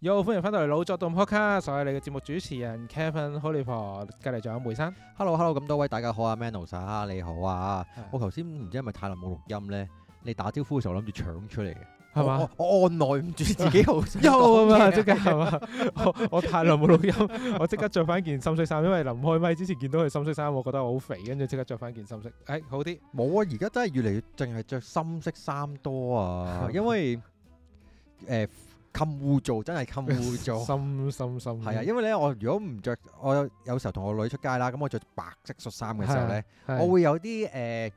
又歡迎翻到嚟老作動畫卡，我係你嘅節目主持人 Kevin 好利婆，隔籬仲有梅生。Hello，Hello，咁多位大家好啊，Manos 你好啊，Yeah. 我頭先唔知係咪太耐冇錄音咧，你打招呼嘅時候諗住搶出嚟嘅係嘛？我按耐唔住自己好，又啊 刻，即 刻係嘛？ 我太耐冇錄音，我即刻着翻件深色衫，因為臨開咪之前見到佢深色衫，我覺得我好肥，跟住即刻着翻件深色，誒、hey，好啲。冇啊，而家真係越嚟越淨係着深色衫多啊， 因為誒。呃襟污糟真係襟污糟，係啊，因為咧我如果唔着，我有時候同我女出街啦，咁我着白色恤衫嘅時候咧，我會有啲誒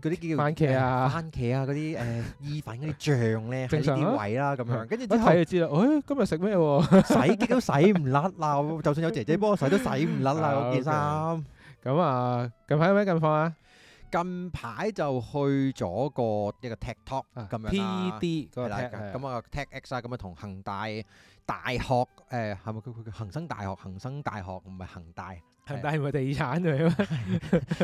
嗰啲叫番茄啊，番茄啊嗰啲誒意粉嗰啲醬咧，喺啲位啦咁樣，跟住之後一睇就知啦，誒今日食咩喎，洗極都洗唔甩啦，就算有姐姐幫我洗都洗唔甩啦，嗰件衫。咁啊，近排有咩近況啊？近排就去咗個一個 Tech Talk 咁樣啦，PD 咁啊 Tech X 啊，咁啊同恒是的大大學誒，係咪佢佢佢恆生大學恒生大學，唔係恒大。但係咪地產㗎嘛？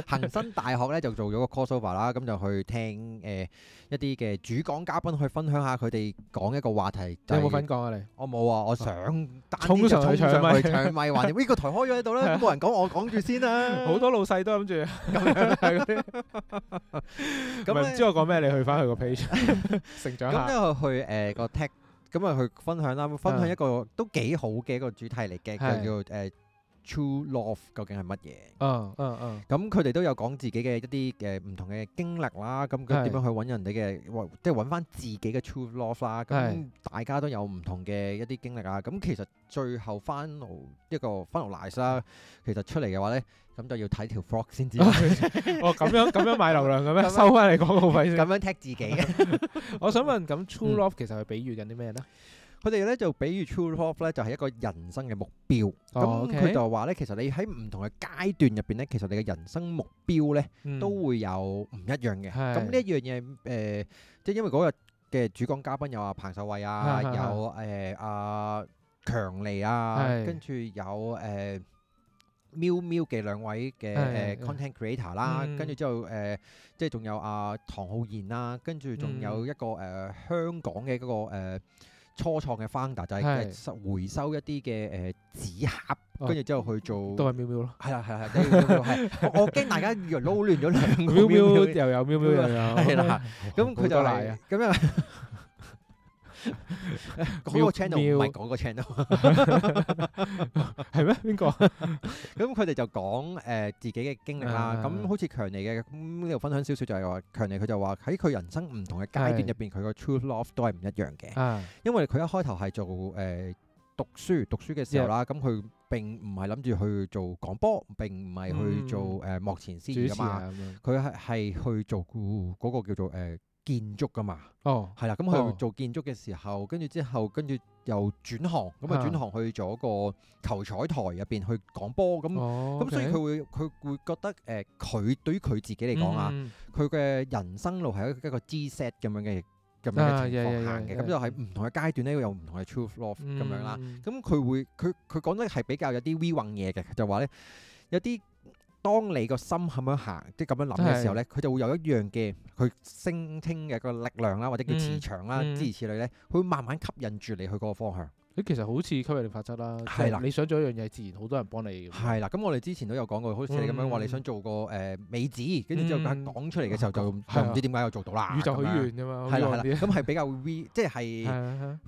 恆生大學咧就做咗個 courseover 啦，咁就去聽誒一啲嘅主講嘉賓去分享下佢哋講一個話題。有冇分享啊？你？我冇啊！我想衝上衝上去搶咪，話點？呢個台開咗喺度咧，冇人講，我講住先啦。好多老細都諗住咁樣。咁唔知我講咩？你去翻佢個 page 成長下。咁咧去誒個 talk，咁啊去分享啦。分享一個都幾好嘅一個主題嚟嘅，佢叫誒。True love 究竟係乜嘢？嗯嗯嗯，咁佢哋都有講自己嘅一啲嘅唔同嘅經歷啦。咁佢點樣去揾人哋嘅，即係揾翻自己嘅 true love 啦。咁大家都有唔同嘅一啲經歷啊。咁其實最後 final 一個 final line 啦，其實出嚟嘅話咧，咁就要睇條 frog 先知。 哦，咁樣咁樣買流量嘅咩？ 收翻嚟廣告費先。咁 樣踢自己嘅。 我想問，咁 true love、嗯、其實佢比喻緊啲咩咧？佢哋咧就比喻 true love 咧就係一個人生嘅目標，咁佢就話咧，其實你喺唔同嘅階段入邊咧，其實你嘅人生目標咧都會有唔一樣嘅。咁呢一樣嘢誒，即係因為嗰日嘅主講嘉賓有阿彭秀慧啊，有誒阿強尼啊，跟住有誒喵喵嘅兩位嘅誒 content creator 啦，跟住之後誒即係仲有阿唐浩然啦，跟住仲有一個誒香港嘅嗰個初創嘅 founder 就係回收一啲嘅誒紙盒，跟住之後去做都係喵喵咯。係啊係啊，我驚大家以為撈亂咗兩個喵喵又有喵喵又有，係啦。咁佢就嚟啊！咁樣。講個 channel 唔係講個 channel，係咩？邊個？咁佢哋就講誒自己嘅經歷啦。咁好似強尼嘅，呢度分享少少就係話強尼，佢就話喺佢人生唔同嘅階段入邊，佢個 true love 都係唔一樣嘅。因為佢一開頭係做誒讀書，讀書嘅時候啦，咁佢並唔係諗住去做廣播，並唔係去做誒幕前先噶嘛。佢係係去做嗰個叫做誒。建築噶嘛，哦，係啦。咁佢做建築嘅時候，跟住之後，跟住又轉行，咁啊轉行去咗個球彩台入邊去講波，咁咁所以佢會佢會覺得誒，佢對於佢自己嚟講啊，佢嘅人生路係一個一個 G set 咁樣嘅咁樣嘅，咁就喺唔同嘅階段咧，會有唔同嘅 truth love 咁樣啦。咁佢會佢佢講得係比較有啲 V e r u 嘢嘅，就話咧有啲。當你個心咁樣行，即係咁樣諗嘅時候咧，佢真是 就會有一樣嘅佢聲稱嘅個力量啦，或者叫磁場啦，諸如此類咧，佢會慢慢吸引住你去嗰個方向。其實好似吸引力法則啦，係啦，你想做一樣嘢，自然好多人幫你。係啦，咁我哋之前都有講過，好似你咁樣話，你想做個誒美子，跟住之後講出嚟嘅時候就唔、嗯嗯、知點解又做到啦。宇宙許願㗎嘛，係啦係啦，咁係比較 re 即係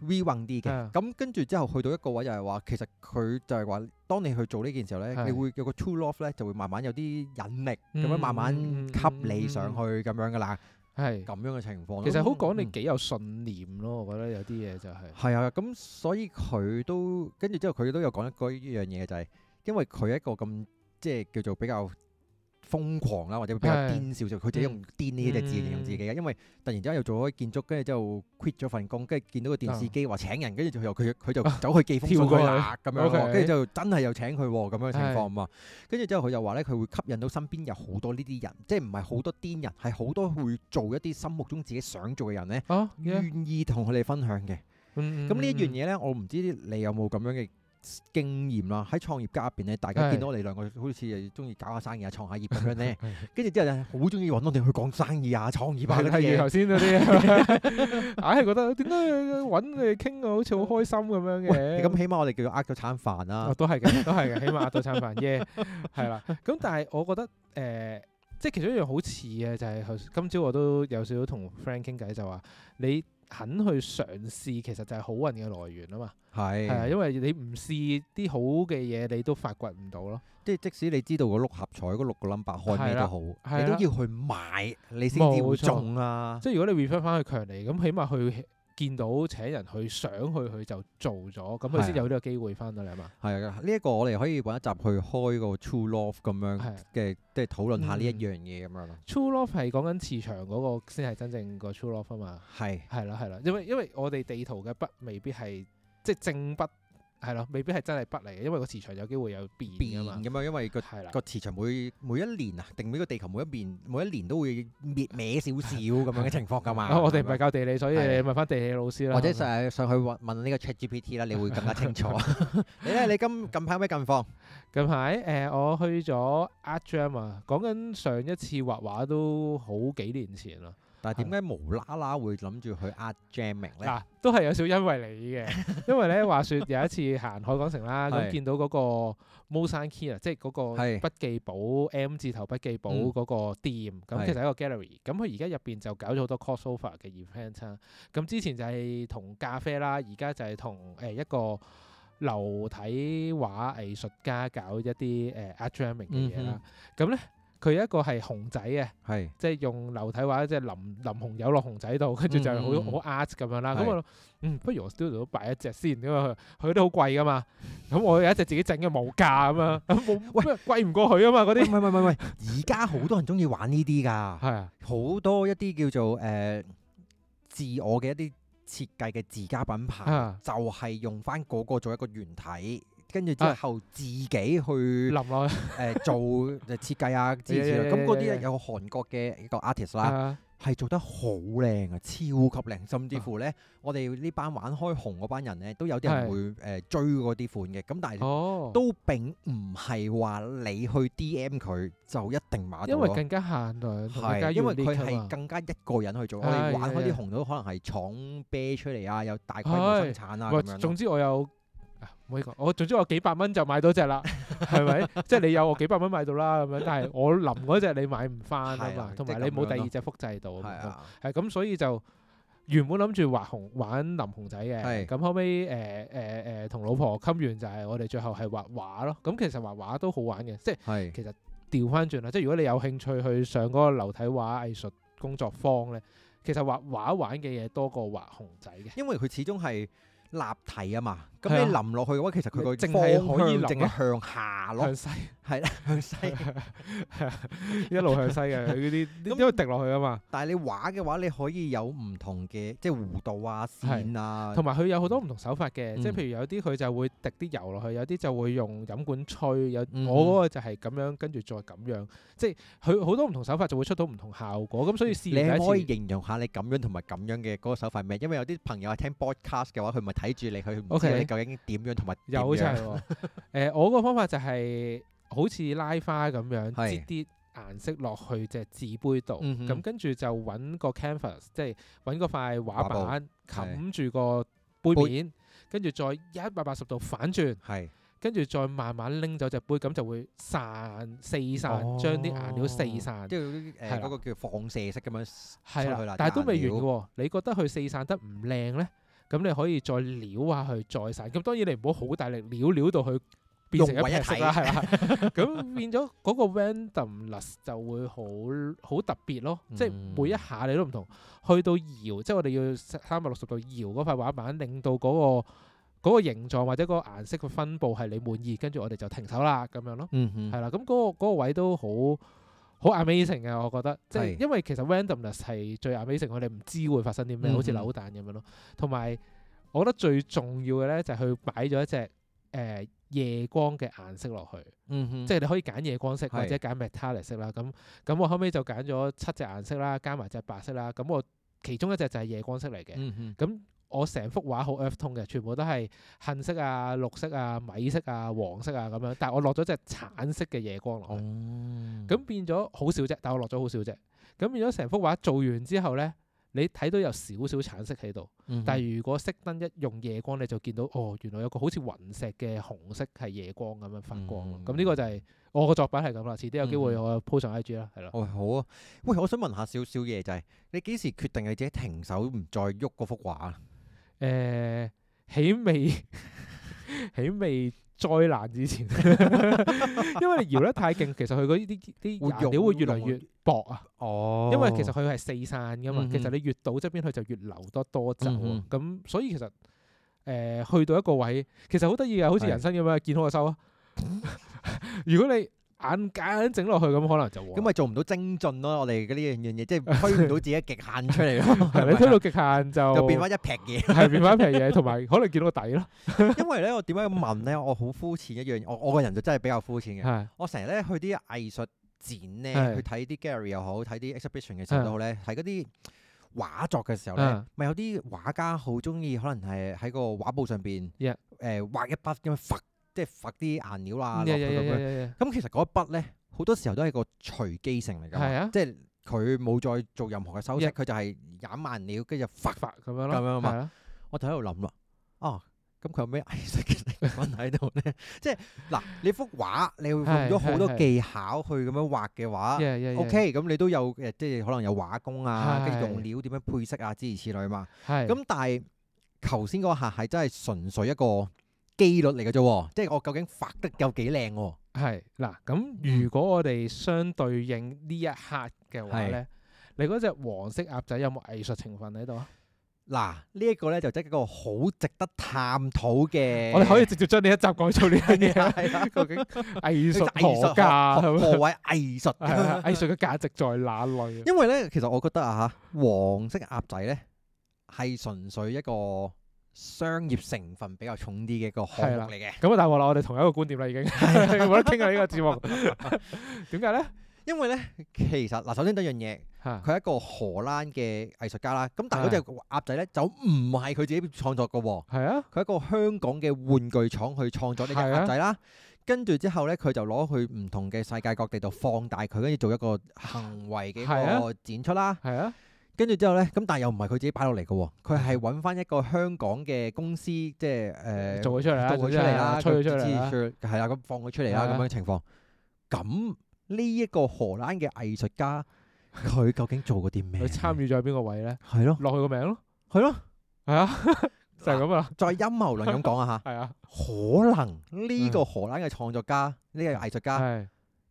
re 啲嘅。咁跟住之後去到一個位又係話，其實佢就係話，當你去做呢件時候咧，的你會有個 tool off 咧，就會慢慢有啲引力咁、嗯、樣慢慢吸你上去咁樣㗎啦。嗯嗯嗯嗯係咁樣嘅情況，其實好講你幾有信念咯，嗯、我覺得有啲嘢就係、是、係啊，咁所以佢都跟住之後，佢都有講一講依樣嘢就係、是、因為佢一個咁即係叫做比較。瘋狂啦，或者比較癲少少，就佢就用癲呢隻字形容自己嘅，因為突然之間又做咗建築，跟住之後就 quit 咗份工，跟住見到個電視機話請人，跟住就佢就走去寄封信啦咁樣，跟住就真係又請佢咁樣嘅情況嘛。跟住之後佢又話咧，佢會吸引到身邊有好多呢啲人，即係唔係好多癲人，係好多會做一啲心目中自己想做嘅人咧，願意同佢哋分享嘅。咁呢一樣嘢咧，我唔知你有冇咁樣嘅經驗啦，喺創業家入邊咧，大家見到你兩個好似又中意搞下生意啊、創下業咁樣咧，跟住啲人好中意揾我哋去講生意啊、創業啊嗰啲嘢。頭先嗰啲，硬係、 哎、覺得點解揾你傾啊，好似好開心咁樣嘅。咁起碼我哋叫做呃咗餐飯啦、啊哦。都係嘅，都係嘅，起碼呃咗餐飯啫，係啦、 yeah。咁、嗯、但係我覺得誒、呃，即係其中一樣好似嘅就係、是，今朝我都有少少同 friend 傾偈，就話你。肯去嘗試，其實就係好運嘅來源啊嘛，係的，因為你唔試啲好嘅嘢，你都發掘唔到咯。即即使你知道個六合彩嗰六個 number 開咩都好，你都要去買，你先至會中啊。即係如果你 refer 翻去強尼，咁起碼佢。見到請人去，想去佢就做咗，咁佢先有呢個機會翻到嚟啊嘛。係啊的，呢一吧、呢個我哋可以揾一集去開個 true love 咁樣嘅，即係的討論下呢一、嗯、樣嘢咁樣咯。True love 係講緊磁場嗰個先係真正個 true love 啊嘛。係係啦係啦，因為因為我哋地圖嘅筆未必係即係正筆。係咯，未必係真係不嚟嘅，因為個磁場有機會有變變啊嘛，咁啊的，因為個個磁場每每一年啊，定每個地球每一年每一年都會滅歪，歪少少咁樣嘅情況噶嘛。我哋唔係教地理，所以你問翻地理老師啦，的的或者上上去問問呢個 ChatGPT 啦，你會更加清楚。 你咧，你今，今近排有咩近況？近排誒，我去咗 Art Jam 啊，講緊上一次畫畫都好幾年前啦。但係點解無啦啦會諗住去 Art Jamming 咧？嗱、啊，都係有少少因為你嘅， 因為咧話説有一次行海港城啦，咁 的見到嗰個 Moleskine 即係嗰個筆記簿 M 字頭筆記簿嗰個店，咁、嗯、其實係一個 gallery，咁佢而家入邊就搞咗好多 crossover 嘅 event 啦。咁之前就係同咖啡啦，而家就係同誒一個流體畫藝術家搞一啲誒 Art Jamming 嘅嘢啦。咁咧、嗯哼。佢一個係熊仔嘅，是即係用流體畫，即係淋淋紅油落熊仔度，跟住就好好、嗯、art 咁樣啦。咁是我、嗯、不如我 studio 都擺一隻先，因為佢佢都好貴噶嘛。咁我有一隻自己整嘅冇價咁啊，喂貴唔過佢啊嘛。嗰啲唔係唔係唔係，而家好多人中意玩呢啲噶，好多一啲叫做誒、呃、自我嘅一啲設計嘅，自家品牌，啊啊、就係用翻嗰個做一個原體，跟住之後自己去誒做誒設計啊，之類咁嗰啲有韓國嘅一個 artist 啦，係做得好靚啊，超級靚，甚至乎呢，我哋呢班玩開紅嗰班人呢，都有啲人會誒追嗰啲款嘅，咁但係都並唔係話你去 DM 佢就一定買到，因為更加限量，係因為佢係更加一個人去做，我哋玩開啲紅都可能係廠啤出嚟啊，有大規模生產啊咁樣。總之我有。唔可以講，我總之幾百蚊就買到隻啦，係咪？ 即係你有我幾百蚊買到啦咁樣，但係我淋嗰隻你買唔翻啊嘛。同埋的你冇第二隻複製到啊。係咁，所以就原本諗住畫熊玩林熊仔嘅。咁的後尾誒誒誒，同、呃呃呃、老婆冚完就係我哋最後係畫畫咯。咁其實畫畫都好玩嘅，即係的其實調翻轉啦。即係如果你有興趣去上嗰個樓體畫藝術工作坊咧，嗯、其實畫畫玩嘅嘢多過畫熊仔嘅，因為佢始終係立體啊嘛。咁你淋落去嘅話，其實佢個方向可以淨係向下落，係啦，向西，一路向西嘅嗰啲，因為滴落去啊嘛。但係你畫嘅話，你可以有唔同嘅即係弧度啊、線啊，同埋佢有好多唔同手法嘅，即係譬如有啲佢就會滴啲油落去，有啲就會用飲管吹，有我嗰個就係咁樣，跟住再咁樣，即係佢好多唔同手法就會出到唔同效果。咁所以你可以形容下你咁樣同埋咁樣嘅嗰個手法係咩？因為有啲朋友係聽 broadcast 嘅話，佢咪睇住你，佢唔究竟點樣同埋點又好似係喎。誒，我個方法就係好似拉花咁樣，擠啲顏色落去隻紙杯度。咁跟住就揾個 canvas，即係揾個塊畫板，冚住個杯面，跟住再一百八十度反轉。係。跟住再慢慢拎走隻杯，咁就會散四散，將啲顏料四散。即係誒，嗰個叫放射式咁樣。係啦，但係都未完喎。你覺得佢四散得唔靚咧？咁你可以再撩下去再散，咁當然你唔好好大力撩撩到佢變成一體啦，係嘛啦？咁 變咗嗰個 randomness 就會好好特別咯，嗯、即係每一下你都唔同。去到搖，即係我哋要三百六十度搖嗰塊畫板，令到嗰、那個那個形狀或者嗰個顏色嘅分布係你滿意，跟住我哋就停手啦，咁樣咯，係、嗯、哼啦。咁、那、嗰個嗰、那個位都好。好 amazing 嘅，我覺得，即係是因為其實 randomness 係最 amazing，我哋唔知會發生啲咩，好似扭蛋咁樣咯。同埋，我覺得最重要嘅咧就係佢擺咗一隻誒、呃、夜光嘅顏色落去，嗯、哼即係你可以揀夜光色或者揀 metallic 色啦。咁咁是我後尾就揀咗七隻顏色啦，加埋隻白色啦。咁我其中一隻就係夜光色嚟嘅，咁、嗯哼。我成幅畫好 earth tone 嘅，全部都係杏色啊、綠色啊、米色啊、黃色啊咁樣。但係我落咗隻橙色嘅夜光落去，咁變咗好少啫。但我落咗好少啫，咁、嗯、變咗成幅畫做完之後咧，你睇到有少少橙色喺度。嗯、哼但係如果熄燈一用夜光你就見到哦，原來有個好似雲石嘅紅色係夜光咁樣發光。咁呢、嗯、哼個就係我個作品係咁啦。遲啲有機會我 po 上 I G 啦，係咯。哦、嗯，好啊。喂，我想問下少少嘢就係、是、你幾時決定你自己停手唔再喐嗰幅畫？誒起未？起未 災難之前， 因為你搖得太勁，其實佢嗰啲啲啲料會越嚟越薄啊！哦用，因為其實佢係四散噶嘛，嗯、哼其實你越到側邊，佢就越流得多汁咁、嗯、哼所以其實誒、呃、去到一個位，其實好得意嘅，好似人生咁樣，是健康就收啊！ 如果你眼硬整落去咁，可能就咁咪做唔到精進咯。我哋嗰呢樣嘢，即係推唔到自己極限出嚟咯。係你推到極限就就變翻一撇嘢，係變翻一撇嘢。同埋可能見到個底咯。因為咧，我點解咁問咧？我好膚淺一樣嘢。我我個人就真係比較膚淺嘅。我成日咧去啲藝術展咧，去睇啲 gallery 又好，睇啲 exhibition 嘅時候都好咧，睇嗰啲畫作嘅時候咧，咪有啲畫家好中意，可能係喺個畫布上邊，誒畫一筆咁樣。即係發啲顏料啦，咁其實嗰一筆咧，好多時候都係個隨機性嚟㗎，即係佢冇再做任何嘅修飾，佢就係染顏料跟住發發咁樣咯。咁樣嘛，我就喺度諗啦，哦，咁佢有咩藝術嘅成分喺度咧？即係嗱，你幅畫你會用咗好多技巧去咁樣畫嘅話，OK，咁你都有即係可能有畫工啊，跟住用料點樣配色啊，之類之類嘛。係，咁但係頭先嗰下係真係純粹一個。機率嚟嘅啫，即係我究竟發得有幾靚，啊？係嗱，咁如果我哋相對應呢一刻嘅話咧，是你嗰隻黃色鴨仔有冇藝術成分喺度啊？嗱，呢、這個、一個咧就即係一個好值得探討嘅。我哋可以直接將呢一集講做呢啲嘢， 究竟藝術 何價 何謂藝術？係啊，藝術嘅價值在哪類？因為咧，其實我覺得啊吓，黃色鴨仔咧係純粹一個。商業成分比較重啲嘅一個項目嚟嘅，咁啊，大鑊啦！我哋同一個觀點啦，已經冇得傾下呢個節目。點解咧？因為咧，其實嗱，首先第一樣嘢，佢係、啊、一個荷蘭嘅藝術家啦。咁但係嗰隻鴨仔咧，就唔係佢自己創作噶。係啊的。佢喺一個香港嘅玩具廠去創作呢隻鴨仔啦。跟住的之後咧，佢就攞去唔同嘅世界各地度放大佢，跟住做一個行為嘅一個展出啦。係啊。跟住之後咧，咁但係又唔係佢自己擺落嚟嘅喎，佢係揾翻一個香港嘅公司，即係誒做佢出嚟啦，出佢出嚟啦，係啦，咁放佢出嚟啦咁樣情況。咁呢一個荷蘭嘅藝術家，佢究竟做過啲咩？佢參與咗喺邊個位咧？係咯，落去個名咯，係咯，係啊，就係咁啊。再陰謀論咁講啊嚇，係啊，可能呢個荷蘭嘅創作家，呢個藝術家。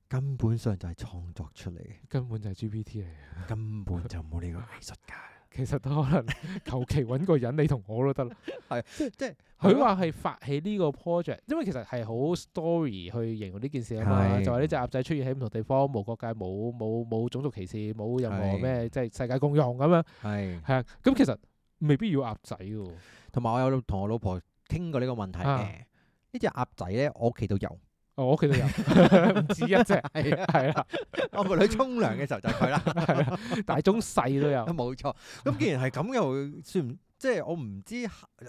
根本上就係創作出嚟嘅，根本就係 GPT 嚟嘅，根本就冇呢個藝術家。 其實都可能求其揾個人 你同我都得咯。係 即係佢話係發起呢個 project，因為其實係好 story 去形容呢件事啊嘛。是就話呢隻鴨仔出現喺唔同地方，冇國界，冇冇冇種族歧視，冇任何咩即係世界共用咁樣。係係啊，咁是其實未必要鴨仔喎。同埋 我有同我老婆傾過呢個問題嘅，啊、隻鴨呢隻鴨仔咧，我屋企都有。哦、我屋企都有，唔 止一隻，係 啊，我陪女沖涼嘅時候就係佢啦，係 啊，大中細都有，冇 錯。咁既然係咁嘅話，算即係我唔知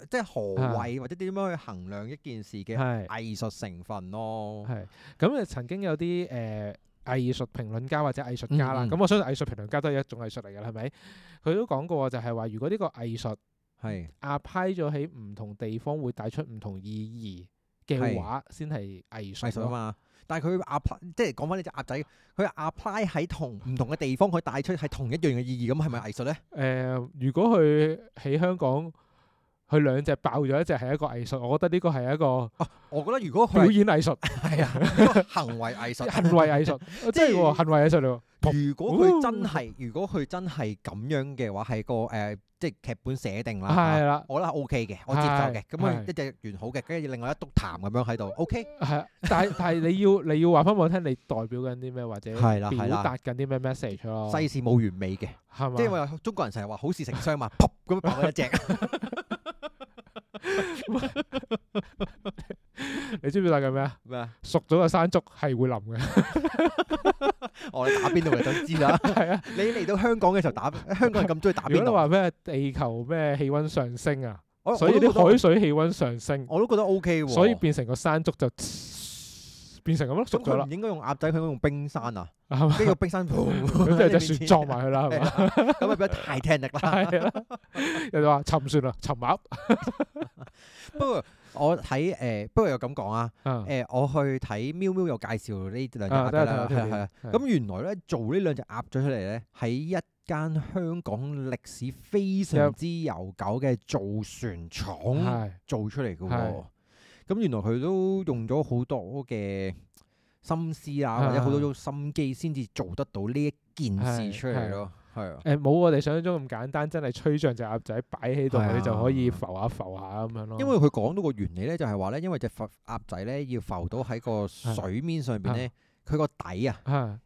即係何謂、 啊、或者點樣去衡量一件事嘅藝術成分咯。係、啊，咁曾經有啲誒藝術評論家或者藝術家啦，咁、嗯、我相信藝術評論家都係一種藝術嚟嘅，係咪？佢都講過就係話，如果呢個藝術係壓派咗喺唔同地方，會帶出唔同意義。嘅話先係藝術藝術啊嘛，但係佢 apply 即係講翻呢隻鴨仔，佢 apply 喺同唔同嘅地方，佢帶出係同一樣嘅意義，咁係咪藝術咧？誒、呃，如果佢喺香港，佢兩隻爆咗一隻係一個藝術，我覺得呢個係一個、啊，我覺得如果佢表演藝術係啊，啊 行為藝術， 行為藝術，即係、 就是、行為藝術嚟如果佢真係、哦，如果佢真係咁樣嘅話，係個誒。呃即係劇本寫定啦，的我覺得 OK 嘅，我接受嘅，咁啊的一隻完好嘅，跟住另外一督痰咁樣喺度 OK。係，但係 但係你要你要話翻我聽，你代表緊啲咩或者表達緊啲咩 message 咯？世事冇完美嘅，吧即係我中國人成日話好事成雙嘛，噏咁捧一隻。 你知唔知打緊咩啊？咩麼熟咗嘅山竹係會淋嘅。我哋打邊度咪就知啦。係啊，你嚟到香港嘅時候打，香港人咁中意打邊度。如果你話咩地球咩氣溫上升啊，我所以啲海水氣溫上升，我都覺得 O K。所以變成個山竹就。變成咁咯，熟咗啦。唔應該用鴨仔，應該用冰山啊。跟住個冰山，咁就隻船撞埋佢啦，係嘛 不？咁 啊， 變得太 Titanic 啦。有人話沉船啦，沉鴨。 不過我睇誒、呃，不過又咁講啊。誒、呃，嗯、我去睇喵喵又介紹呢兩隻鴨仔啦，係啊。咁、嗯、原來咧做呢兩隻鴨做出嚟咧，喺一間香港歷史非常之悠久嘅造船廠的的做出嚟嘅、啊。咁原來佢都用咗好多嘅心思啊，或者好多種心機先至做得到呢一件事出嚟咯。係誒、啊，冇、啊、我哋想象中咁簡單，真係吹上隻鴨仔擺喺度，佢、啊、就可以浮下浮下咁樣咯。啊、因為佢講到個原理咧，就係話咧，因為隻鴨仔咧要浮到喺個水面上邊咧，佢個底啊，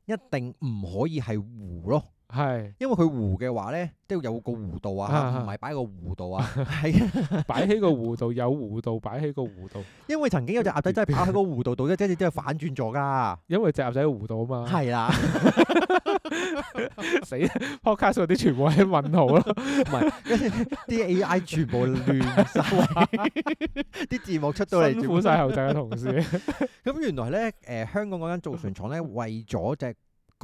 底一定唔可以係弧咯。係，因為佢弧嘅話咧，都要有個弧度啊，唔係擺個弧度啊，係擺起個弧度，有弧度擺起個弧度。因為曾經有隻鴨仔真係跑喺個弧度度，即係真係反轉咗噶。因為隻鴨仔喺弧度啊嘛。係啦，死啦！Podcast 嗰啲全部喺問號咯，唔係，跟住啲 AI 全部亂，啲字幕出到嚟辛苦晒後生嘅同事。咁原來咧，誒，香港嗰間造船廠咧，為咗隻。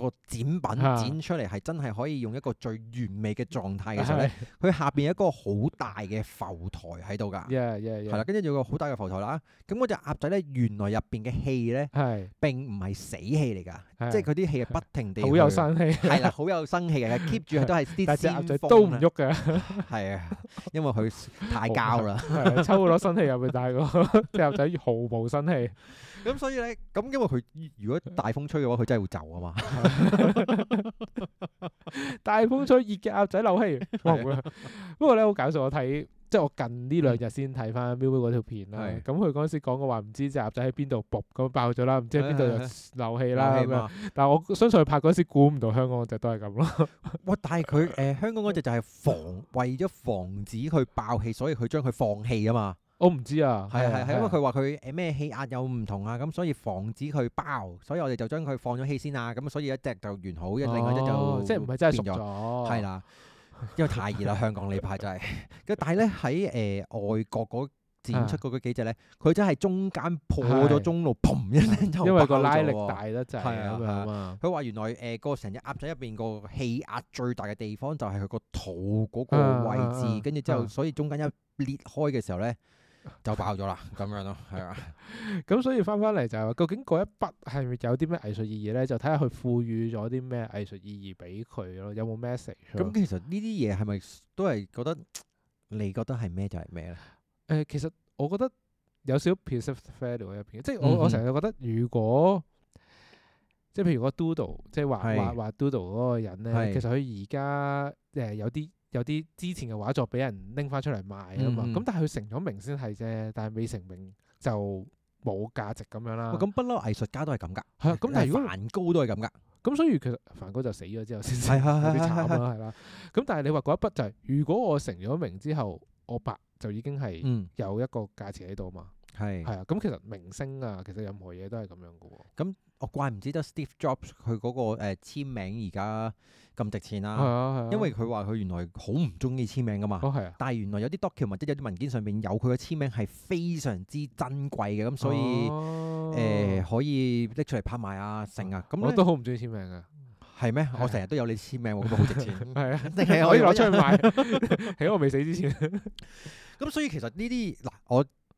個展品展出嚟係真係可以用一個最完美嘅狀態嘅時候咧，佢的下邊有一個好大嘅浮台喺度噶，係啦、yeah, yeah , yeah.，跟住有個好大嘅浮台啦。咁嗰隻鴨仔咧，原來入邊嘅氣咧，的並唔係死氣嚟噶，的即係佢啲氣係不停地好有生氣，係啦，好有生氣嘅 keep 住都係啲鴨仔都唔喐嘅，係 啊，因為佢太膠啦，抽咗生氣入去，但係個隻鴨仔毫無生氣。咁所以咧，咁因為佢如果大風吹嘅話，佢真係會走啊嘛。 大風吹，熱嘅鴨仔漏氣，不過咧好搞笑，, 我睇即係我近呢兩日先睇翻 Miu Miu 嗰條片啦。咁佢嗰時講嘅話，唔知隻鴨仔喺邊度爆咁爆咗啦，唔知喺邊度漏氣啦，但係我相信佢拍嗰時，估唔到香港嗰隻都係咁咯。哇！但係佢誒，香港嗰隻就係防為咗防止佢爆氣，所以佢將佢放氣啊嘛。我唔知啊，係啊係，係因為佢話佢誒咩氣壓有唔同啊，咁所以防止佢爆，所以我哋就將佢放咗氣先啊，咁所以一隻就完好，一另一隻就即係唔係真係熟咗，係啦，因為太熱啦，香港呢排真係，但係咧喺誒外國嗰展出嗰幾隻咧，佢真係中間破咗中路，砰一聲，因為個拉力大得滯，係佢話原來誒個成隻鴨仔入邊個氣壓最大嘅地方就係佢個肚嗰個位置，跟住之後所以中間一裂開嘅時候咧。就爆咗啦，咁 樣咯，係啊。咁 所以翻翻嚟就係、話，究竟嗰一筆係咪有啲咩藝術意義咧？就睇下佢賦予咗啲咩藝術意義俾佢咯，有冇 message？咁其實呢啲嘢係咪都係覺得？你覺得係咩就係咩咧？誒、呃，其實我覺得有少 piece of value 入邊，即係、嗯、哼我我成日覺得如果即係譬如個 doodle，即係畫畫畫是 doodle 嗰個人咧，是其實佢而家即係有啲。有啲之前嘅畫作俾人拎翻出嚟賣啊嘛，咁、嗯、但係佢成咗名先係啫，但係未成名就冇價值咁樣啦。咁不嬲藝術家都係咁噶，係啊。咁但係如果梵高都係咁噶，咁所以其實梵高就死咗之後先至 有啲慘啦，係啦、 啊。咁、啊啊、但係你話嗰一筆就係、是，如果我成咗名之後，我畫就已經係有一個價值喺度嘛。嗯。係係啊，咁其實明星啊，其實任何嘢都係咁樣嘅喎。咁我怪唔知得 Steve Jobs 佢嗰個誒簽名而家咁值錢啦。係啊係啊，因為佢話佢原來好唔中意簽名噶嘛。哦係啊，但係原來有啲 document 或有啲文件上面有佢嘅簽名係非常之珍貴嘅，咁所以誒可以拎出嚟拍賣啊，成啊。我都好唔中意簽名噶。係咩？我成日都有你簽名，我覺得好值錢。係啊，定係可以攞出去賣，喺我未死之前。咁所以其實呢啲嗱我。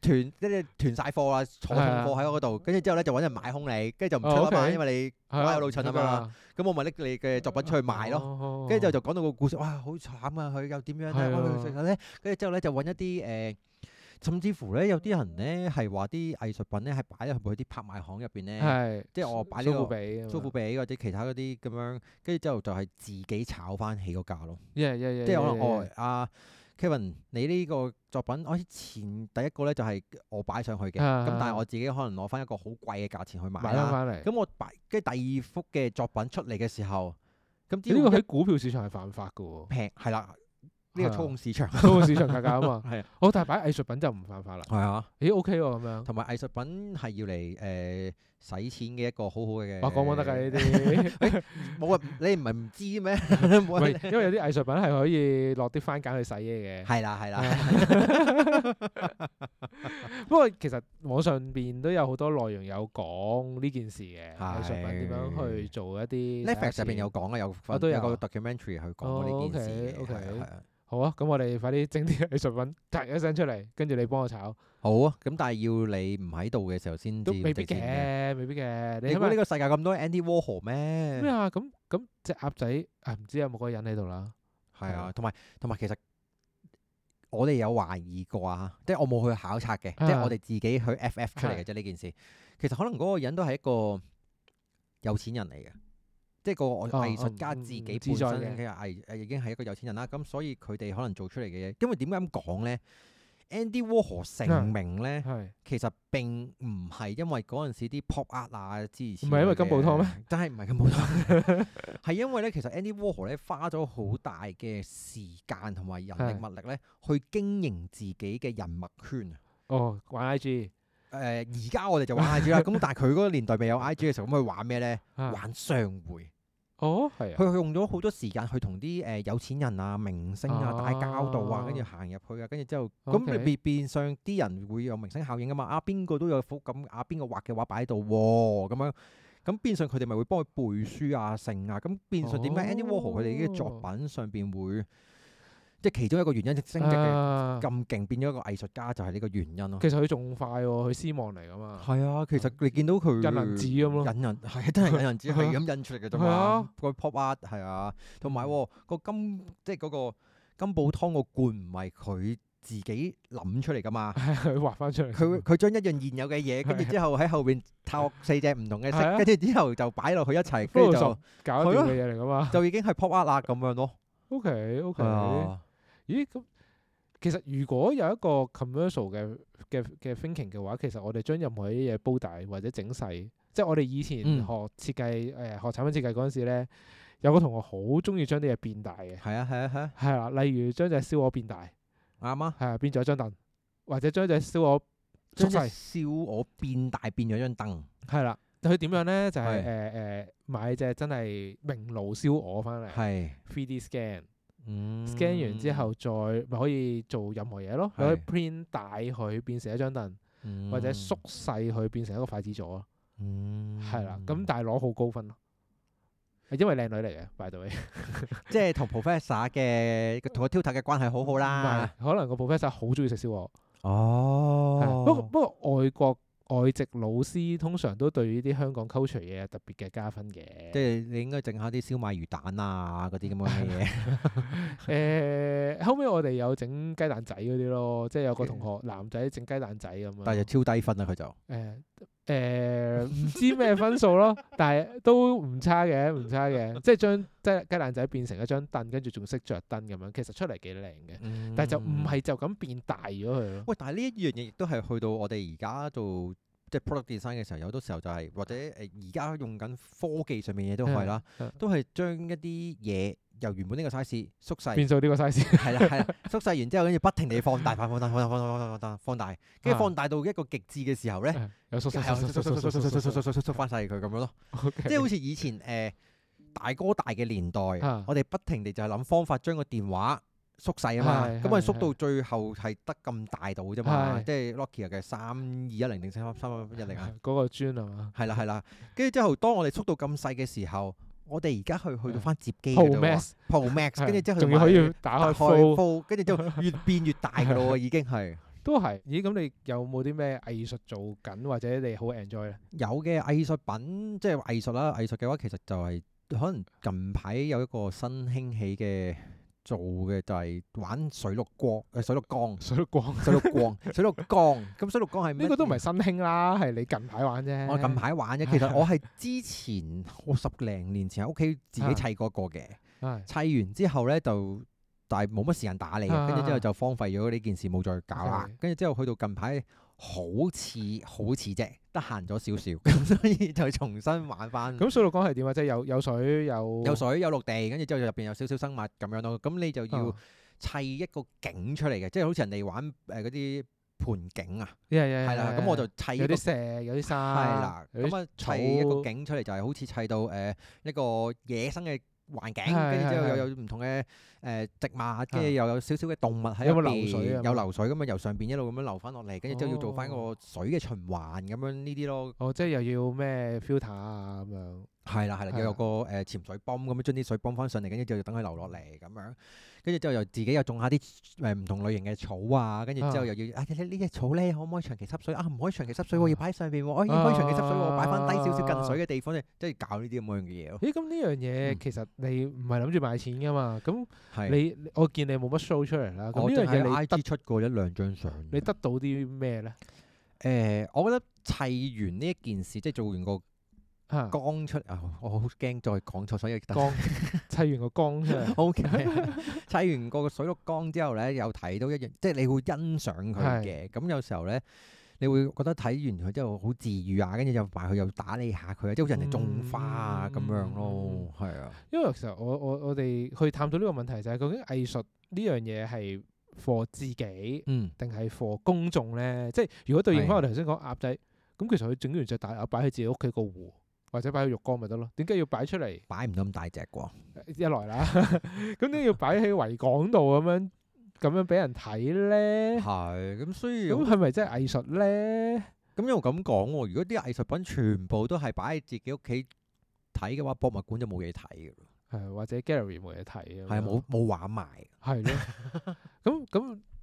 囤即係囤曬貨啦，坐空貨喺我嗰度，跟住之後咧就揾人買空你，跟住、哦、就唔出得嘛，因為你有老襯啊嘛。咁了我咪拎你嘅作品出去賣咯。跟住之後就講到個故事，哇，好慘啊！佢又點樣咧、啊？跟住之後咧就揾一啲誒、呃，甚至乎咧有啲人咧係話啲藝術品咧係擺喺去啲拍賣行入邊咧，啊、即係我擺呢、這個蘇富比、蘇富比或者其他嗰啲咁樣，跟住之後就係自己炒翻起個價咯。Yeah, yeah, yeah, yeah, yeah. 即係可能哦啊。Kevin，你呢個作品，我前第一個咧就係我擺上去嘅，咁的但係我自己可能攞翻一個好貴嘅價錢去買，買翻翻嚟，咁我擺，跟住第二幅嘅作品出嚟嘅時候，咁呢個喺股票市場係犯法㗎喎。平係啦，呢、呢個操控市場、操控市場價格啊嘛。係啊 的，好，我但係擺藝術品就唔犯法啦。係啊的，咦 OK 喎咁樣，同埋藝術品係要嚟誒。呃洗錢嘅一個好好嘅嘢，我講冇得噶呢啲，冇啊！你唔係唔知咩？因為有啲藝術品係可以落啲番梘去洗嘢嘅。係啦係啦。不過其實網上邊都有好多內容有講呢件事嘅，藝術品點樣去做一啲 Netflix 上邊有講啦，有都有個 documentary 去講呢件事嘅。係啊，好啊，咁我哋快啲整啲藝術品，突一聲出嚟，跟住你幫我炒。好啊，咁但係要你唔喺度嘅時候先知咁嘅事情咧。都未必嘅，未必嘅。你你估呢個世界咁多 Andy Warhol 咩？咩啊？咁咁隻鴨仔，唔知有冇嗰個人喺度啦？係啊，同埋同埋，其實我哋有懷疑過啊，即係我冇去考察嘅，即係我哋自己去 FF 出嚟嘅啫。呢件事，其實可能嗰個人都係一個有錢人嚟嘅，即係個我藝術家自己本身係誒已經係一個有錢人啦。咁所以佢哋可能做出嚟嘅嘢，因為點解咁講咧？Andy Warhol 成名咧，嗯、其實並唔係因為嗰陣時啲 pop art 啊，之類唔係因為金寶湯咩？但係唔係金寶湯，係 因為咧，其實 Andy Warhol 咧花咗好大嘅時間同埋人力物力咧，是去經營自己嘅人物圈。哦，玩 I G，誒而家我哋就玩 I G 啦。咁 但係佢嗰個年代未有 I G 嘅時候，咁可以玩咩咧？嗯、玩商會。哦，係啊，佢用咗好多時間去同啲誒有錢人啊、明星啊打、啊、交道啊，跟住行入去啊，跟住之後，咁你變變相啲人會有明星效應㗎嘛，啊邊個都有幅咁啊邊個畫嘅畫擺喺度喎，咁樣，咁變相佢哋咪會幫佢背書啊、成啊，咁變相點解 Andy Warhol 佢哋嘅作品上邊會？即係其中一個原因，升職嘅。咁勁，變咗一個藝術家，就係呢個原因咯。其實佢仲快喎，佢絲網嚟噶嘛。係啊，其實你見到佢印銀紙咁咯。印銀係真係印銀紙，係咁印出嚟嘅啫嘛。個 pop art 係啊，同埋個金即係嗰個金寶湯個罐唔係佢自己諗出嚟㗎嘛。係佢畫翻出嚟。佢佢將一樣現有嘅嘢，跟住之後喺後邊拓四隻唔同嘅色，跟住之後就擺落去一齊，跟住就搞掂嘅嘢嚟㗎嘛。就已經係 pop art 啦咁樣咯。OK OK。咦咁，其實如果有一個 commercial 嘅嘅嘅 thinking 嘅話，其實我哋將任何一啲嘢煲大或者整細，即係我哋以前學設計誒、嗯欸、學產品設計嗰陣時咧，有個同學好中意將啲嘢變大嘅。係啊係啊係啊。係啦、啊，啊、例如將隻燒鵝變大，啱啊、嗯。係啊，變咗張凳，或者將隻燒鵝將隻。燒鵝變大變咗張凳。係啦，佢點、啊、樣咧？就係誒誒買隻真係明爐燒鵝翻嚟，係是 3D scan。scan、嗯、完之後再咪可以做任何嘢咯，佢可以 print 大佢變成一張凳，嗯、或者縮細佢變成一個筷子座咯，係啦、嗯，咁但係攞好高分咯，係因為靚女嚟嘅，by the way，即係同 professor 嘅同個 title 嘅關係好好啦，嗯、可能個 professor 好中意食燒鵝哦，不過不過外國。外籍老師通常都對呢啲香港 culture 嘢有特別嘅加分嘅，即係你應該整下啲燒賣魚蛋啊嗰啲咁樣嘅嘢。誒、 欸，後尾我哋有整雞蛋仔嗰啲咯，即係有個同學男仔整雞蛋仔咁樣。但係就超低分啊！佢就誒。欸誒，唔知咩分數咯， 但係都唔差嘅，唔差嘅，即係將即係雞蛋仔變成一張凳，跟住仲識着燈咁樣，其實出嚟幾靚嘅，嗯、但係就唔係就咁變大咗佢，嗯。喂，但係呢一樣嘢亦都係去到我哋而家做即係 product design 嘅時候，有好多時候就係、是、或者誒而家用緊科技上面嘢，嗯嗯、都係啦，都係將一啲嘢。由原本呢個 size 縮細，變咗呢個 size，係啦係啦，縮細完之後，跟住不停地放大，放大，放大，放大，放大，放大，放大，跟住放大到一個極致嘅時候咧，又縮細，縮縮縮縮縮縮縮縮縮翻晒佢咁樣咯。即係好似以前誒大哥大嘅年代，我哋不停地就係諗方法將個電話縮細啊嘛。咁我哋縮到最後係得咁大度啫嘛。即係 Nokia 啊嘅三二一零定三三一零啊？嗰個磚係嘛？係啦係啦，跟住之後，當我哋縮到咁細嘅時候。我哋而家去去到翻折機嘅喎 Pro Max，跟住即係仲要可以打開 full 跟住就越變越大嘅喎， 已經係。都係，咦？咁你有冇啲咩藝術做緊或者你好 enjoy 咧？有嘅藝術品即係藝術啦，藝術嘅話其實就係、是、可能近排有一個新興起嘅。做嘅就係玩水陸光，誒水陸光，水陸光，光， 光，水陸光，水陸光。咁水陸光係咩？呢個都唔係新興啦，係你近排玩啫。我近排玩啫，其實我係之前 我十零年前喺屋企自己砌過一個嘅，砌完之後咧，就但係冇乜時間打理，跟住之後就荒廢咗呢件事，冇再搞啦。跟住 之後去到近排。好似好似啫，得閒咗少少，咁 所以就重新玩返。咁水陸缸係點啊？即係有有水有有水有陸地，跟住之後入邊有少少生物咁樣咯。咁你就要砌一個景出嚟嘅，哦、即係好似人哋玩誒嗰啲盆景啊。係、yeah, yeah , yeah, 啦，咁我就砌有啲石，有啲山。係啦，咁啊砌一個景出嚟，就係、是、好似砌到誒、呃、一個野生嘅。環境，跟住之後又有有唔同嘅誒植物，跟住又有少少嘅動物喺入面有，有流水，有流水咁啊，由上邊一路咁樣流翻落嚟，跟住之後要做翻個水嘅循環咁、哦、樣呢啲咯。哦，即係又要咩 filter 啊咁樣。係啦，係啦，有個誒潛水泵咁樣將啲水泵翻上嚟，跟住就要等佢流落嚟咁樣。跟住之後又自己又種下啲誒唔同類型嘅草啊。跟住之後又要啊呢啲、啊、草咧可唔可以長期濕水啊？唔、啊、可以長期濕水喎，要擺喺上邊喎。可以長期濕水喎，擺翻低少少近水嘅地方咧，即係搞呢啲咁樣嘅嘢。咦、哎？咁呢樣嘢其實你唔係諗住賣錢噶嘛？咁你的我見你冇乜 show 出嚟啦。我你 I G 得出過一兩張相。你得到啲咩咧？誒、呃，我覺得砌完呢一件事即係做完個。光出啊！我好驚再講錯，所以，以光 砌完個缸出。 o Okay , K， 砌完個水陸缸之後咧，又睇到一樣，即係你會欣賞佢嘅。咁是有時候咧，你會覺得睇完佢之後好治癒啊。跟住又埋去又打理下佢，即係好似人哋種花啊咁樣咯。係、嗯、啊，因為其實我我我哋去探討呢個問題就係、是、究竟藝術呢樣嘢係 for 自己，定係、嗯、for 公眾咧？即係如果對應翻我哋頭先講鴨仔咁，啊、其實佢整完隻大鴨擺喺自己屋企個湖。或者擺喺浴缸咪得咯、啊？點解要擺出嚟？擺唔到咁大隻喎一來啦，咁 點解要擺喺維港度咁樣咁樣俾人睇咧。係 咁所以咁係咪真係藝術咧？咁又咁講喎，如果啲藝術品全部都係擺喺自己屋企睇嘅話，博物館就冇嘢睇嘅。係或者 gallery 冇嘢睇啊。係冇冇畫賣。係咯，咁咁。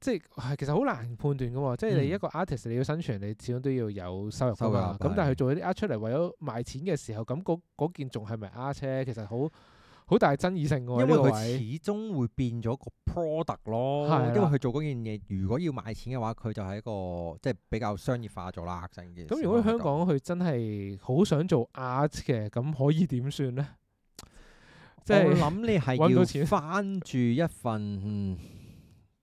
即係其實好難判斷嘅喎，即係你一個 artist，你要生存，你始終都要有收入收入。咁但係佢做啲 art 出嚟，為咗賣錢嘅時候，咁嗰嗰件仲係咪 art，其實好好大爭議性喎。因為佢始終會變咗個 product 咯。啦因為佢做嗰件嘢，如果要賣錢嘅話，佢就係一個即係比較商業化咗啦。真嘅。咁如果香港佢真係好想做 art 嘅，咁可以點算呢？即係我諗你係要錢翻住一份。嗯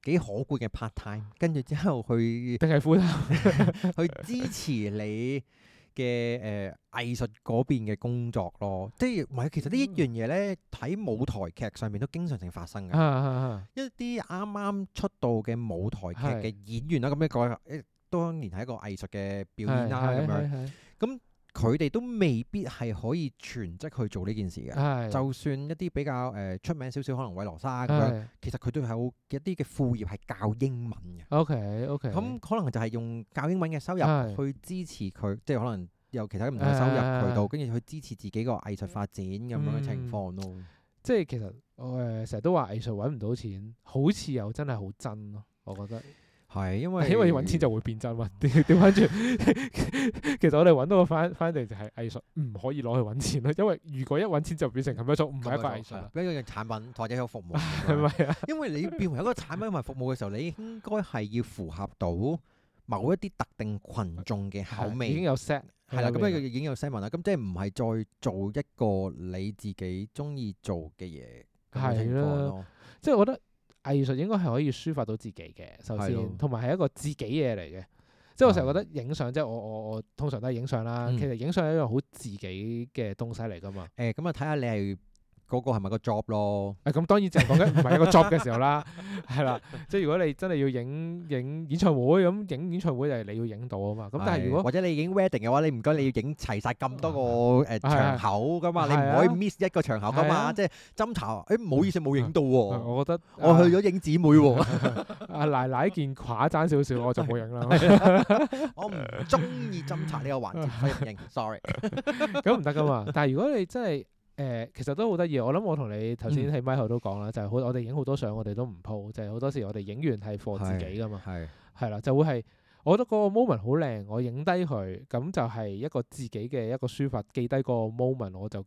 幾可觀嘅 part time，跟住之後去是，定係副修去支持你嘅誒、呃、藝術嗰邊嘅工作咯。即係唔係？其實呢一樣嘢咧，喺舞台劇上面都經常性發生嘅。嗯、一啲啱啱出道嘅舞台劇嘅演員啦、啊，咁、嗯、樣一個當然係一個藝術嘅表演啦、啊，咁、嗯、樣咁。佢哋都未必係可以全職去做呢件事嘅。是的 就算一啲比較誒、呃、出名少少，可能韋羅莎咁樣，是的 其實佢都係有一啲嘅副業係教英文嘅。OK OK、嗯。咁可能就係用教英文嘅收入去支持佢，是的 即係可能有其他唔同收入渠道，跟住是的 去支持自己個藝術發展咁樣嘅情況咯、嗯嗯。即係其實我誒成日都話藝術揾唔到錢，好似又真係好真咯。我覺得。係，因為因為揾錢就會變真嘛。點點翻轉，其實我哋揾到個翻翻地就係藝術，唔可以攞去揾錢咯。因為如果一揾錢就變成咁樣做，唔係一個藝術，俾一樣產品或者有服務，係咪啊？因為你變為一個產品或服務嘅時候，你應該係要符合到某一啲特定群眾嘅口味。已經有 set 係啦的，咁的已經有 set 文啦，咁即係唔係再做一個你自己中意做嘅嘢。係咯的，嗯、即係我覺得。藝術應該係可以抒發到自己嘅，首先，同埋係一個自己嘢嚟嘅。即係我成日覺得影相，即係我我我通常都係影相啦。其實影相係一個好自己嘅東西嚟㗎嘛。誒、嗯，咁啊、呃，睇下你係。嗰個係咪個 job 咯？咁當然就係講緊唔係一個 job 嘅時候啦，係啦，即係如果你真係要影影演唱會咁影演唱會，就係你要影到啊嘛。咁但係如果或者你影 wedding 嘅話，你唔該你要影齊晒咁多個誒場口噶嘛，你唔可以 miss 一個場口噶嘛。即係斟茶，唔好意思冇影到喎。我覺得我去咗影姊妹喎，阿奶奶件褂爭少少，我就冇影啦。我唔中意斟茶呢個環節，可以唔影。Sorry，咁唔得噶嘛。但係如果你真係誒、呃，其實都好得意。我諗我同你頭先喺咪後都講啦、嗯，就係好，我哋影好多相，我哋都唔 po，就係好多時我哋影完係放自己㗎嘛，係啦，就會係，我覺得嗰個 moment 好靚，我影低佢，咁就係一個自己嘅一個書法，記低個 moment，我就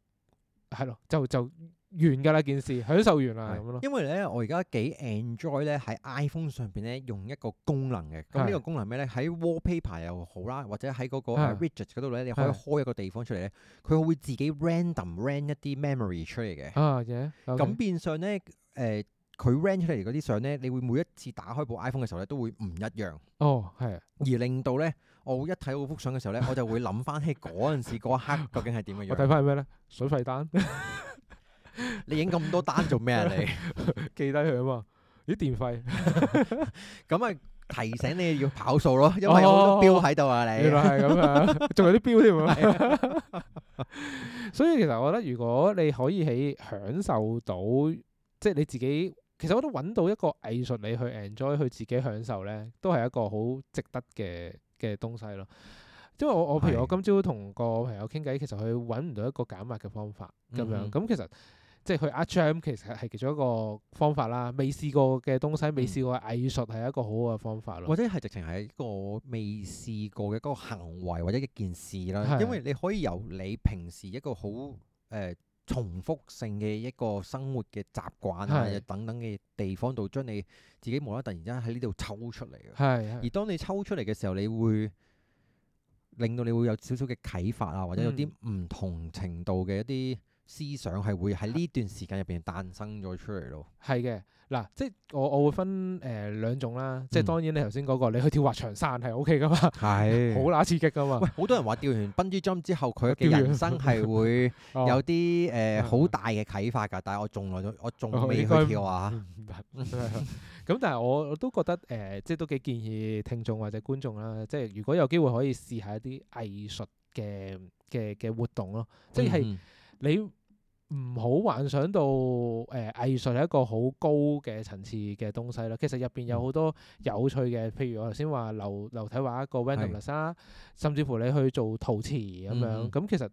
係咯，就就。完噶啦件事，享受完啦，因為咧，我而家幾 enjoy 咧喺 iPhone 上邊咧用一個功能嘅。咁呢是的 個功能咩咧？喺 Wallpaper 又好啦，或者喺嗰個 Widget 嗰度咧，是的 你可以開一個地方出嚟咧，佢會自己 random ran 一啲 memory 出嚟嘅。咁、啊 yeah, okay、變相咧，誒、呃、佢 ran 出嚟嗰啲相咧，你會每一次打開部 iPhone 嘅時候咧，都會唔一樣。哦，係。而令到咧，我一睇嗰幅相嘅時候咧， 我就會諗翻起嗰陣時嗰一 刻究竟係點嘅樣。我睇翻係咩咧？水費單。 你影咁多單做咩啊？你 記低佢啊嘛？啲電費咁咪提醒你要跑數咯，因為我有好多表喺度啊，哦哦哦，你 原來係咁啊，仲 有啲表添。所以其實我覺得，如果你可以喺享受到，即係你自己，其實我覺得揾到一個藝術，你去 enjoy 去自己享受咧，都係一個好值得嘅嘅東西咯。因為我是我譬如，我今朝同個朋友傾偈，其實佢揾唔到一個減壓嘅方法咁樣，咁，嗯，其實。即係去 H&M，其實係其中一個方法啦。未試過嘅東西，未試過藝術係一個好好嘅方法咯。或者係直情係一個未試過嘅嗰個行為或者一件事啦。是因為你可以由你平時一個好誒、呃、重複性嘅一個生活嘅習慣啊是等等嘅地方度將你自己無啦啦突然之間喺呢度抽出嚟嘅。是是而當你抽出嚟嘅時候，你會令到你會有少少嘅啟發啊，或者有啲唔同程度嘅一啲是。嗯。思想係會喺呢段時間入邊誕生咗出嚟咯。係嘅，嗱，即係我我會分誒兩、呃、種啦。嗯、即係當然你頭先嗰個你去跳滑翔傘係 O K 噶嘛，係好乸刺激噶嘛。喂，好多人話跳完 Bungee jump 之後，佢嘅人生係會有啲誒好大嘅啟發㗎。但係我仲來咗，我仲未去跳啊。咁但係我我都覺得誒、呃，即係都幾建議聽眾或者觀眾啦，即係如果有機會可以試下一啲藝術嘅嘅嘅活動咯。即係你、嗯。嗯唔好幻想到誒、呃、藝術係一個好高嘅層次嘅東西啦。其實入邊有好多有趣嘅，譬如我頭先話流流體畫個 randomness 是啊，甚至乎你去做陶瓷咁樣，咁、嗯、其實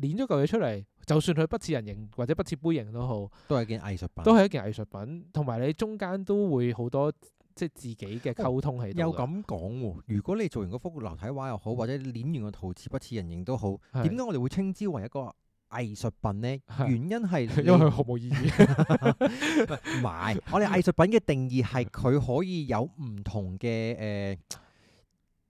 攣咗嚿嘢出嚟，就算佢不似人形或者不似杯形都好，都係一件藝術品，都係一件藝術品，同埋你中間都會好多即係、就是、自己嘅溝通喺度。又咁講喎，如果你做完嗰幅流體畫又好，或者攣完個陶瓷不似人形都好，點解我哋會稱之為一個？藝術品咧，的原因係因為佢毫無意義，唔係。我哋藝術品嘅定義係佢可以有唔同嘅誒、呃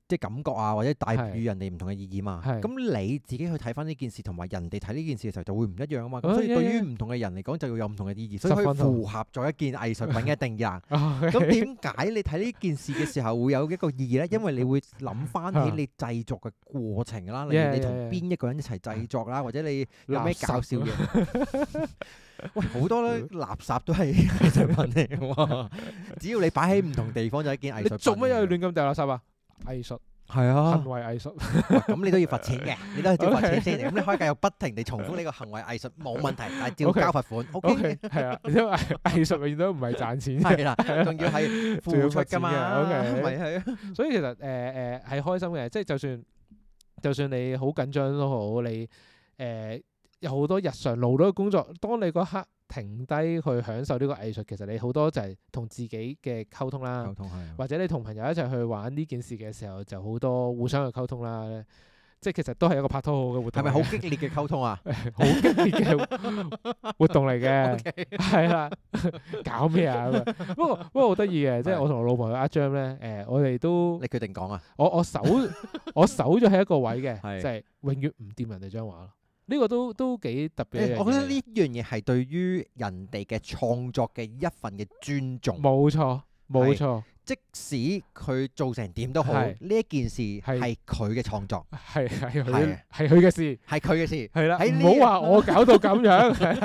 即係感覺啊，或者帶與人哋唔同嘅意義嘛。咁你自己去睇翻呢件事，同埋人哋睇呢件事嘅時候就會唔一樣啊嘛。咁所以對於唔同嘅人嚟講，就要有唔同嘅意義，所以符合咗一件藝術品嘅定義啦。咁點解你睇呢件事嘅時候會有一個意義咧？因為你會諗翻起你製作嘅過程啦，你同邊一個人一齊製作啦，或者你有咩搞笑嘢。喂，好多垃圾都係藝術品嚟嘅喎。只要你擺喺唔同地方就係一件藝術品。你做乜又要亂咁掉垃圾啊？藝術係啊，行為藝術，咁你都要罰錢嘅，你都係要罰錢先。咁你可以繼續不停地重複呢個行為藝術，冇問題，但係要交罰款。O K 係啊，因為藝術原來都唔係賺錢，係啦，仲要係付出噶嘛。O K 係啊。所以其實誒誒係開心嘅，即係就算就算你好緊張都好，你誒有好多日常勞碌嘅工作，當你嗰刻。停低去享受呢個藝術，其實你好多就係同自己嘅溝通啦，通或者你同朋友一齊去玩呢件事嘅時候，就好多互相嘅溝通啦。即係其實都係一個拍拖好嘅活動。係咪好激烈嘅溝通啊？好 激烈嘅活動嚟嘅，係啦， 搞咩啊？ 不過不過好得意嘅，的即係我同我老婆去 art jam 咧，誒，我哋都，你決定講啊。我我守我守咗喺一個位嘅，即係 永遠唔掂人哋張畫。呢個都都幾特別，哎、我覺得呢樣嘢係對於人哋嘅創作嘅一份嘅尊重。冇錯，冇錯。即使佢做成點都好，呢是一件事係佢嘅創作，係係佢嘅事，係佢嘅事，係啦。唔好話我搞到咁樣，係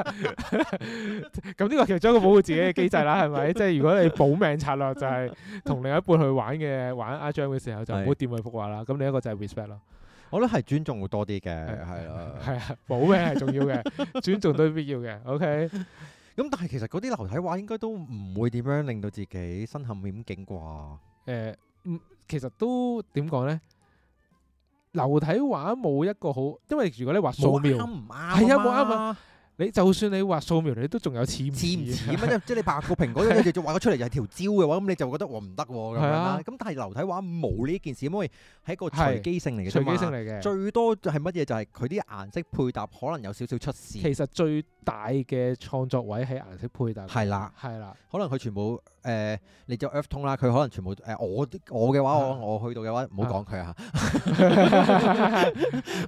咁呢個其實一個保護自己嘅機制啦，係咪？即、就、係、係、如果你保命策略就係同另一半去玩嘅玩阿張嘅時候就，就唔好掂佢幅畫啦。咁另一個就係 respect 咯。我覺得係尊重會多啲嘅，係咯，係啊，冇咩重要嘅，尊重都必要嘅，OK。咁但係其實嗰啲樓體畫應該都唔會點樣令到自己身陷險境啩？誒，嗯，其實都點講咧？樓體畫冇一個好，因為如果你話素描唔啱，係啊，冇啱啊。你就算你畫素描你都仲有似唔似唔似，即係你拍個蘋果，你繼續畫咗出嚟又係條蕉嘅話，咁 你就覺得我唔得咁樣是、啊、但係流體畫冇呢件事，因為係一個隨機性嚟嘅，隨機的性嚟嘅。最多就係乜嘢？就係佢啲顏色配搭可能有少少出事。其實最。大嘅創作位喺顏色配搭，係啦的，係啦的。可能佢全部誒 earth tone 啦，佢、呃、可能全部誒、呃、我我嘅話、啊、我我去到嘅話唔好講佢嚇。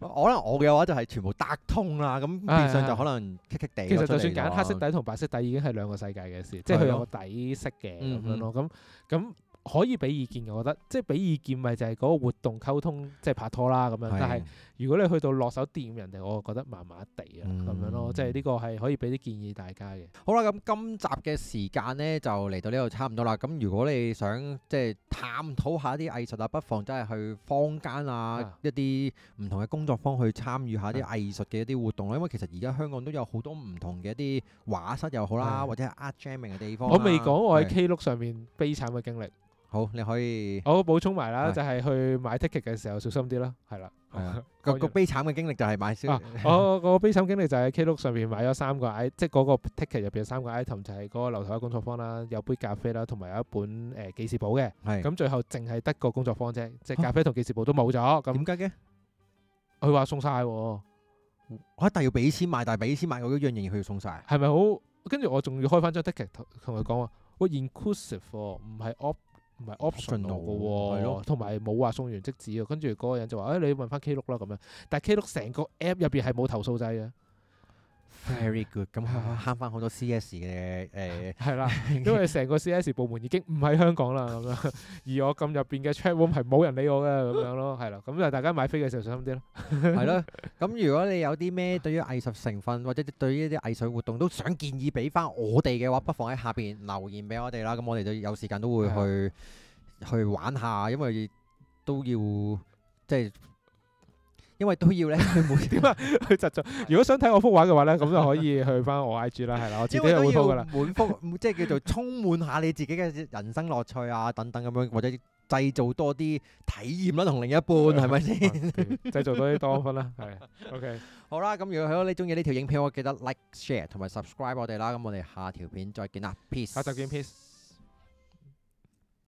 可能我嘅話就係全部 dark tone 啦，咁變相就可能棘棘地。其實就算揀黑色底同白色底已經係兩個世界嘅事，的即係佢有個底色嘅咁樣咯，咁咁、嗯嗯。可以俾意見嘅，我覺得即係俾意見，咪就係嗰個活動溝通，即係拍拖啦咁樣。是的 但係如果你去到落手掂人哋，我覺得麻麻地啊咁樣咯，即係呢個係可以俾啲建議大家嘅。好啦，咁今集嘅時間呢就嚟到呢度差唔多啦。咁如果你想即係探討下啲藝術啊，不妨真係去坊間啊，啊一啲唔同嘅工作坊去參與下啲藝術嘅一啲活動是的 因為其實而家香港都有好多唔同嘅一啲畫室又好啦，是的 或者係 art jamming 嘅地方、啊我我。我未講我喺 Klook 上面悲慘嘅經歷。好，你可以好補充埋啦，就係去買 ticket 嘅時候小心啲啦。係啦，個個悲慘嘅經歷就係買少。我個悲慘經歷就喺 Klook 上面買咗三個 I，即係嗰個 ticket 入邊有三個 item 就係嗰個樓台嘅工作坊啦，有杯咖啡啦，同埋有一本誒記事簿嘅。係咁，最後淨係得個工作坊啫，即係咖啡同記事簿都冇咗。咁點解嘅？佢話送晒喎，我一定要俾錢買，但係俾錢買嗰樣嘢佢要送晒，係咪好？跟住我仲要開翻張 ticket 同佢講話，我 inclusive 唔係我。唔係 optional 嘅喎，同埋冇話送完即止嘅。跟住嗰個人就話誒、哎、你問翻 K 碌啦，咁樣，但係 K 碌成個 app 入邊係冇投訴制嘅。Very good，咁慳翻好多 CS 嘅誒，係啦，因為成個 CS 部門已經唔喺香港啦咁樣，而我咁入邊嘅 chat room，我係冇人理我嘅咁樣咯，係啦，咁就大家買飛嘅時候小心啲咯，係啦，咁如果你有啲咩對於藝術成分或者對於一啲藝術活動都想建議俾翻我哋嘅話，不妨喺下邊留言俾我哋啦，咁我哋都有時間都會去去玩下，因為都要即係。因為都要咧，每點啊，佢實在。如果想睇我幅畫嘅話咧，咁就可以去翻我 I G 啦，係啦，我自己都滿幅噶啦。滿幅，即係叫做充滿下你自己嘅人生樂趣啊，等等咁樣，或者製造多啲體驗啦，同另一半係咪先？製造多啲多分啦，係。OK，好啦，咁如果你中意呢條影片，我記得 Like、Share 同埋 Subscribe 我哋啦。咁我哋下條片再見啦，Peace。下次再見，Peace。